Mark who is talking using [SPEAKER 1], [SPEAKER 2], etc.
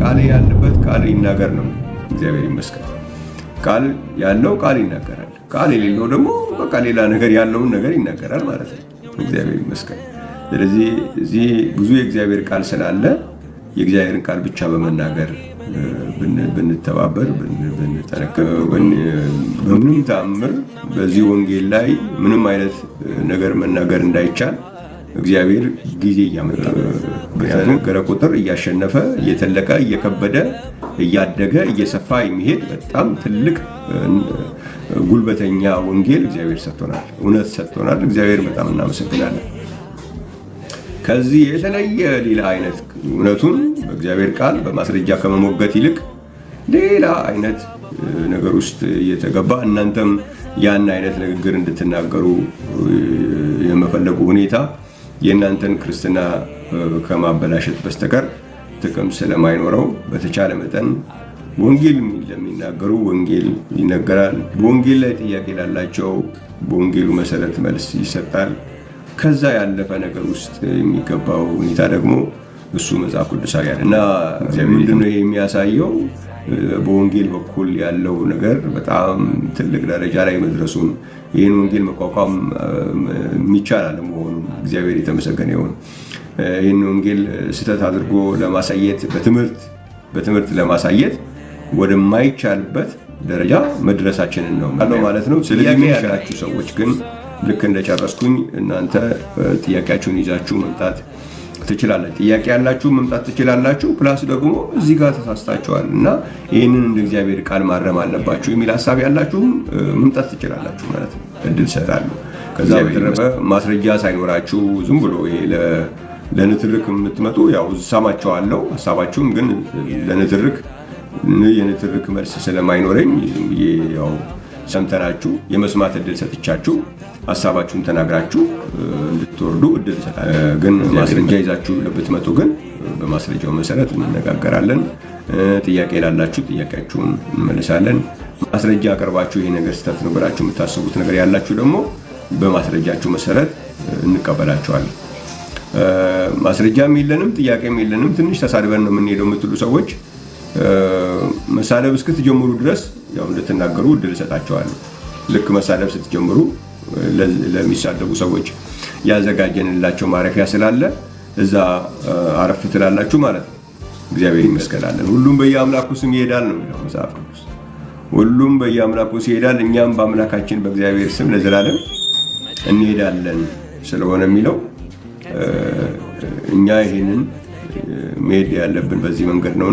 [SPEAKER 1] ቃል ያለበት ቃል ይናገር ነው። እግዚአብሔር ይመስገን። ቃል ያለው ቃል ይናገራል። ቃል የሌለው ደግሞ በቃ ሌላ ነገር ያለውን ነገር ይናገራል ማለት ነው። እግዚአብሔር ይመስገን። ስለዚህ እዚህ ብዙ የእግዚአብሔር ቃል ስላለ የእግዚአብሔርን ቃል ብቻ በመናገር ብንተባበር፣ ብንጠነክር በምንም ተአምር በዚህ ወንጌል ላይ ምንም አይነት ነገር መናገር እንዳይቻል እግዚአብሔር ጊዜ እያመጣ በተነገረ ቁጥር እያሸነፈ እየተለቀ እየከበደ እያደገ እየሰፋ የሚሄድ በጣም ትልቅ ጉልበተኛ ወንጌል እግዚአብሔር ሰጥቶናል፣ እውነት ሰጥቶናል። እግዚአብሔር በጣም እናመሰግናለን። ከዚህ የተለየ ሌላ አይነት እውነቱን በእግዚአብሔር ቃል በማስረጃ ከመሞገት ይልቅ ሌላ አይነት ነገር ውስጥ እየተገባ እናንተም ያን አይነት ንግግር እንድትናገሩ የመፈለጉ ሁኔታ የእናንተን ክርስትና ከማበላሸት በስተቀር ጥቅም ስለማይኖረው በተቻለ መጠን ወንጌል ለሚናገሩ ወንጌል ይነገራል። በወንጌል ላይ ጥያቄ ላላቸው በወንጌሉ መሰረት መልስ ይሰጣል። ከዛ ያለፈ ነገር ውስጥ የሚገባው ሁኔታ ደግሞ እሱ መጽሐፍ ቅዱሳዊ ያለ እና ምንድነው የሚያሳየው? በወንጌል በኩል ያለው ነገር በጣም ትልቅ ደረጃ ላይ መድረሱን ይህን ወንጌል መቋቋም የሚቻል አለመሆኑ እግዚአብሔር የተመሰገነ ይሁን። ይህን ወንጌል ስህተት አድርጎ ለማሳየት በትምህርት በትምህርት ለማሳየት ወደማይቻልበት ደረጃ መድረሳችንን ነው ያለው ማለት ነው። ስለዚህ የሚሻላችሁ ሰዎች ግን ልክ እንደጨረስኩኝ እናንተ ጥያቄያችሁን ይዛችሁ መምጣት ትችላለች። ጥያቄ ያላችሁ መምጣት ትችላላችሁ። ፕላስ ደግሞ እዚህ ጋር ተሳስታችኋል እና ይህንን እንደ እግዚአብሔር ቃል ማረም አለባችሁ የሚል ሀሳብ ያላችሁም መምጣት ትችላላችሁ ማለት ነው። እድል ሰጣሉ። ከዛ በተረፈ ማስረጃ ሳይኖራችሁ ዝም ብሎ ለንትርክ የምትመጡ ያው ሰማቸዋለሁ። ሀሳባችሁም ግን ለንትርክ የንትርክ መልስ ስለማይኖረኝ ያው ሰምተናችሁ የመስማት እድል ሰጥቻችሁ ሀሳባችሁን ተናግራችሁ እንድትወርዱ እድል ግን ማስረጃ ይዛችሁ ብትመጡ ግን በማስረጃው መሰረት እንነጋገራለን። ጥያቄ ላላችሁ ጥያቄያችሁን እንመልሳለን። ማስረጃ አቅርባችሁ ይሄ ነገር ስህተት ነው ብላችሁ የምታስቡት ነገር ያላችሁ ደግሞ በማስረጃችሁ መሰረት እንቀበላችኋለን። ማስረጃም የለንም ጥያቄም የለንም ትንሽ ተሳድበን ነው የምንሄደው የምትሉ ሰዎች መሳደብ እስክትጀምሩ ድረስ ያው እንደተናገሩ እድል እሰጣቸዋለሁ። ልክ መሳደብ ስትጀምሩ ለሚሳደቡ ሰዎች ያዘጋጀንላቸው ማረፊያ ስላለ እዛ አረፍ ትላላችሁ ማለት ነው። እግዚአብሔር ይመስገናለን። ሁሉም በየአምላኩ ስም ይሄዳል ነው የሚለው መጽሐፍ ቅዱስ። ሁሉም በየአምላኩ ይሄዳል እኛም በአምላካችን በእግዚአብሔር ስም ለዘላለም እንሄዳለን ስለሆነ የሚለው እኛ ይህንን መሄድ ያለብን በዚህ መንገድ ነው።